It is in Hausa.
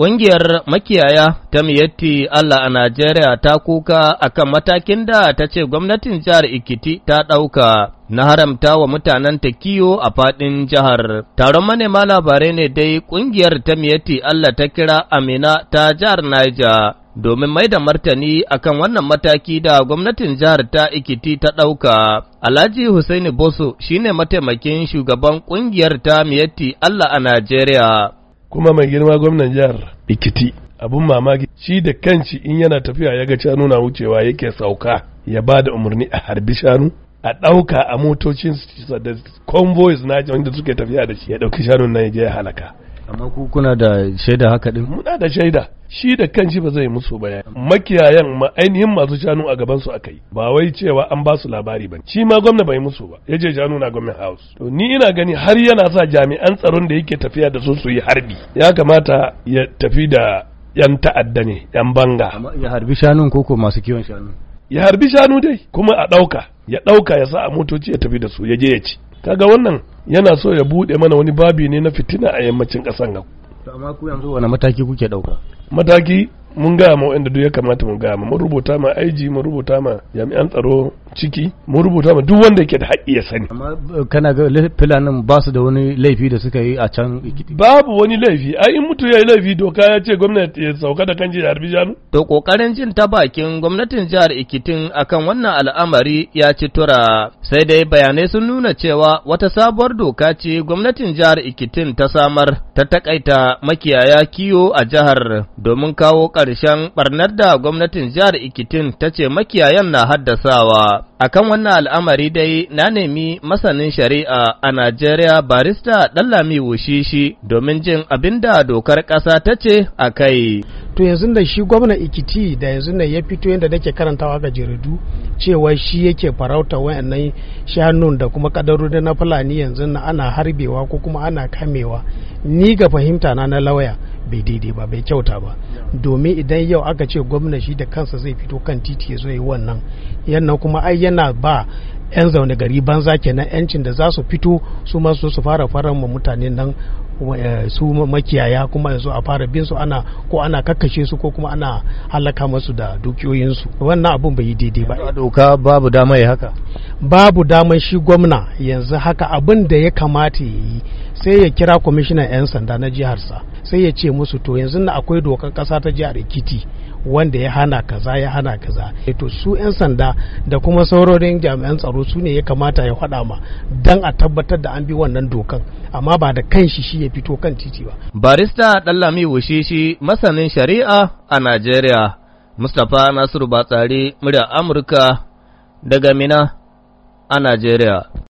Ƙungiyar makiyaya ta miyatti Allah a Najeriya ta kuka akan matakin da ta ce gwamnatin jihar Ikiti ta ɗauka na haramta wa mutanen ta kiyo a faɗin jihar. Taron manema labarai ne dai ƙungiyar ta miyatti Allah ta kira Amina ta jihar Niger. domin mai da martani akan wannan mataki da gwamnatin jihar ta Ikiti ta ɗauka. Alhaji Hussaini Boso shine mataimakin shugaban ƙungiyar ta Miyatti Allah a Najeriya. kuma mai girma gwamnan jihar ikiti abun mamaki shi da kanci in yana tafiya ya ga shanu na wucewa yake sauka ya ba da umarni a harbi shanu a ɗauka a motocin da convoys na wanda suke tafiya da shi ya ɗauki shanun nan ya je ya halaka amma ku kuna da shaida haka din muna da shaida shi da kanshi ba zai musu bayani makiyayan ma ainihin masu shanu a gaban su akai ba wai cewa an ba su labari ba shi ma gwamna bai musu ba yaje shanu na gwamnan house to ni ina gani har yana sa jami'an tsaron da yake tafiya da su su yi harbi ya kamata ya tafi da yan ta'adda ne yan banga ya harbi shanun ko masu kiwon shanu ya harbi shanu dai kuma a ɗauka ya ɗauka ya sa a motoci ya tafi da su ya je ya ci kaga wannan yana so ya buɗe mana wani babi ne na fitina a yammacin ƙasan ga to amma ku yanzu wani mataki kuke ɗauka mataki mun gaya ma wanda duk ya kamata mu gaya ma mun rubuta ma IG mu rubuta ma jami'an tsaro ciki mu rubuta ma duk wanda yake da haƙƙi ya sani amma eh, kana ga filanin ba su da wani laifi da suka yi a can babu wani laifi ai in mutu ya yi laifi doka ya ce gwamnati ya sauka da kanji ya shanu to kokarin jin ta bakin gwamnatin jihar ikitin akan wannan al'amari ya ci tura sai dai bayanai sun nuna cewa wata sabuwar doka ce gwamnatin jihar ikitin ta samar ta takaita makiyaya kiyo a jihar domin kawo ƙarshen barnar da gwamnatin jihar ikitin ta ce makiyayan na haddasawa akan wannan al'amari dai na nemi masanin shari'a a Najeriya barista Dallami Wushishi domin jin abin da dokar ƙasa ta ce a kai. To yanzu da shi gwamna Ikiti da yanzu ne ya fito yadda nake karantawa ga jaridu cewa shi yake farauta wayannan shanun da kuma kadarori na Fulani yanzu ana harbewa ko kuma ana kamewa. Ni ga fahimta na na lawaya. bai daidai ba bai kyauta ba domin idan yau aka ce gwamna da kansa zai fito kan titi ya zo yi wannan yannan kuma ai yana ba 'yan zaune gari banza kenan 'yancin da za su fito su masu su fara fara ma mutane nan eh, su makiyaya kuma yanzu a fara bin su ana ko ana kakkashe su ko kuma ana halaka masu da dukiyoyinsu wannan abun bai yi daidai ba doka babu dama ya haka babu daman shi gwamna yanzu haka abin da ya kamata ya yi sai ya kira kwamishinan 'yan sanda na jiharsa sai ya ce musu to yanzu na akwai dokar kasa ta jihar ekiti wanda ya hana kaza ya hana kaza to su 'yan sanda da kuma saurorin jami'an tsaro su ne ya kamata ya faɗa ma don a tabbatar da an bi wannan dokan amma ba da kan shi shi ya fito kan titi ba barista dallami wushishi masanin shari'a a najeriya mustapha nasiru batsari murya amurka daga mina a najeriya